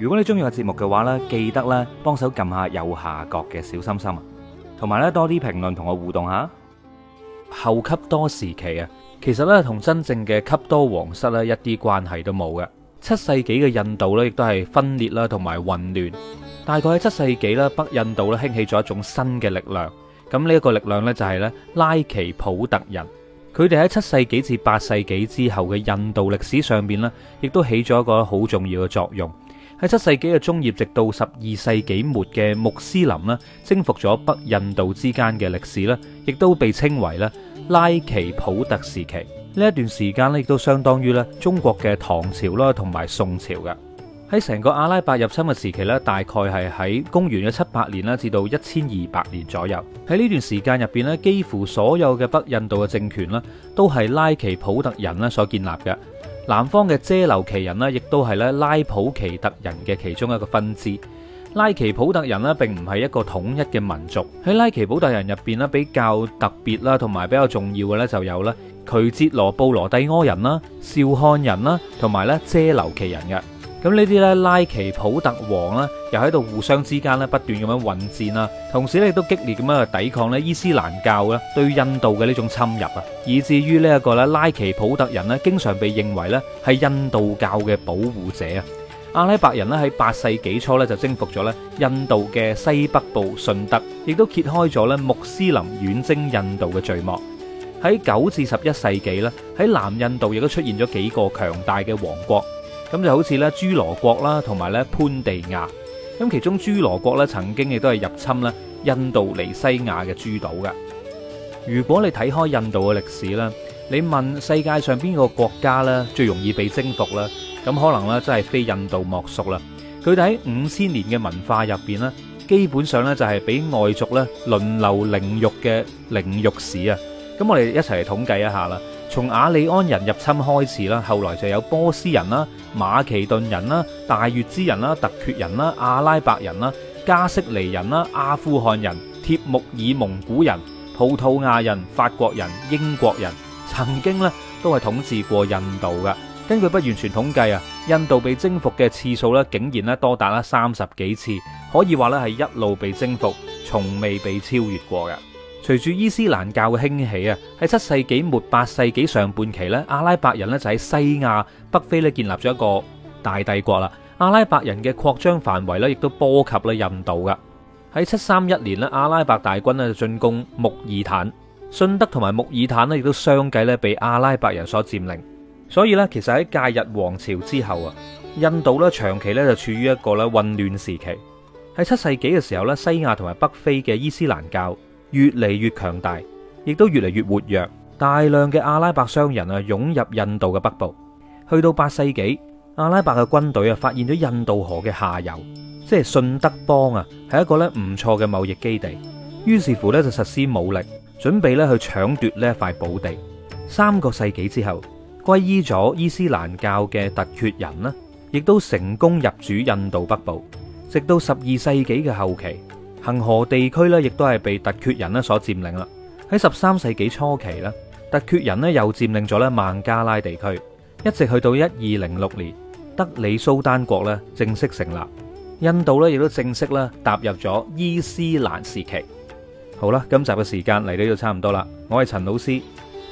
如果你中意個節目嘅話呢，記得咧幫手撳下右下角嘅小心心啊，同埋咧多啲評論同我互動下。後笈多時期啊，其實呢同真正嘅笈多皇室咧一啲關係都冇嘅。七世紀嘅印度咧，亦都係分裂啦，同埋混亂。大概喺七世紀啦，北印度呢興起咗一種新嘅力量。咁呢一個力量呢，就係咧拉其普特人，佢哋喺七世紀至八世紀之後嘅印度歷史上邊呢，亦都起咗一個好重要嘅作用。喺七世紀嘅中葉，直到十二世紀末嘅穆斯林咧，征服咗北印度之間嘅歷史咧，亦都被稱為咧拉其普特時期。呢一段時間咧，亦都相當於咧中國嘅唐朝啦同埋宋朝嘅。喺成個阿拉伯入侵嘅時期咧，大概係喺公元嘅七百年啦至到一千二百年左右。喺呢段時間入邊咧，幾乎所有嘅北印度嘅政權啦，都係拉其普特人咧所建立嘅。南方嘅遮留其人呢，亦都係咧拉普其特人嘅其中一個分支。拉其普特人呢，並唔係一個統一嘅民族。喺拉其普特人入邊呢，比較特別啦，同埋比較重要嘅呢，就有咧拒捷羅布羅蒂柯人啦、少漢人啦，同埋咧遮留其人嘅。咁呢啲咧拉其普特王呢，又喺度互相之間呢，不斷咁樣混戰啦，同時咧亦都激烈咁樣去抵抗呢，伊斯蘭教呢，對印度嘅呢種侵入啊，以至於呢一個咧拉其普特人呢，經常被認為呢，係印度教嘅保護者啊。阿拉伯人呢，喺八世紀初呢，就征服咗呢印度嘅西北部順德，亦都揭開咗呢，穆斯林遠征印度嘅序幕。喺九至十一世紀呢，喺南印度亦都出現咗幾個強大嘅王國。咁就好似咧，朱羅國啦，同埋咧潘地亞。咁其中朱羅國咧，曾經亦都係入侵咧印度尼西亞嘅諸島嘅。如果你睇開印度嘅歷史啦，你問世界上邊個國家咧最容易被征服啦，咁可能咧真係非印度莫屬啦。佢哋喺五千年嘅文化入邊呢，基本上咧就係俾外族咧輪流凌辱嘅凌辱史啊。咁我哋一齊嚟統計一下啦。從阿里安人入侵開始啦，後來就有波斯人啦、馬其頓人啦、大月之人啦、突厥人啦、阿拉伯人啦、加色尼人啦、阿富汗人、帖木爾蒙古人、葡萄牙人、法國人、英國人，曾經咧都係統治過印度嘅。根據不完全統計啊，印度被征服嘅次數咧，竟然咧多達啦三十幾次，可以話咧係一路被征服，從未被超越過嘅。隨住伊斯蘭教嘅興起啊，喺七世紀末八世紀上半期咧，阿拉伯人咧就喺西亞北非咧建立咗一個大帝國啦。阿拉伯人嘅擴張範圍咧，亦都波及咧印度噶。喺七三一年咧，阿拉伯大軍咧就進攻穆爾坦，信德同埋穆爾坦咧亦都相繼咧被阿拉伯人所佔領。所以咧，其實喺戒日王朝之後啊，印度咧長期咧就處於一個咧混亂時期。喺七世紀嘅時候咧，西亞同埋北非嘅伊斯蘭教。越嚟越強大，亦都越嚟越活躍。大量嘅阿拉伯商人啊，湧入印度嘅北部。去到八世紀，阿拉伯嘅軍隊啊，發現咗印度河嘅下游，即係信德邦啊，係一個咧唔錯嘅貿易基地。於是乎呢，就實施武力，準備咧去搶奪呢一塊寶地。三個世紀之後，皈依咗伊斯蘭教嘅突厥人呢，亦都成功入主印度北部。直到十二世紀嘅後期。恒河地區咧，亦都係被突厥人咧所佔領啦。喺十三世紀初期咧，突厥人咧又佔領咗咧孟加拉地區，一直去到一二零六年，德里蘇丹國咧正式成立，印度咧亦都正式咧踏入咗伊斯蘭時期。好啦，今集嘅時間嚟到呢度差唔多啦，我係陳老師，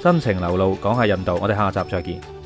真情流露講下印度，我哋下集再見。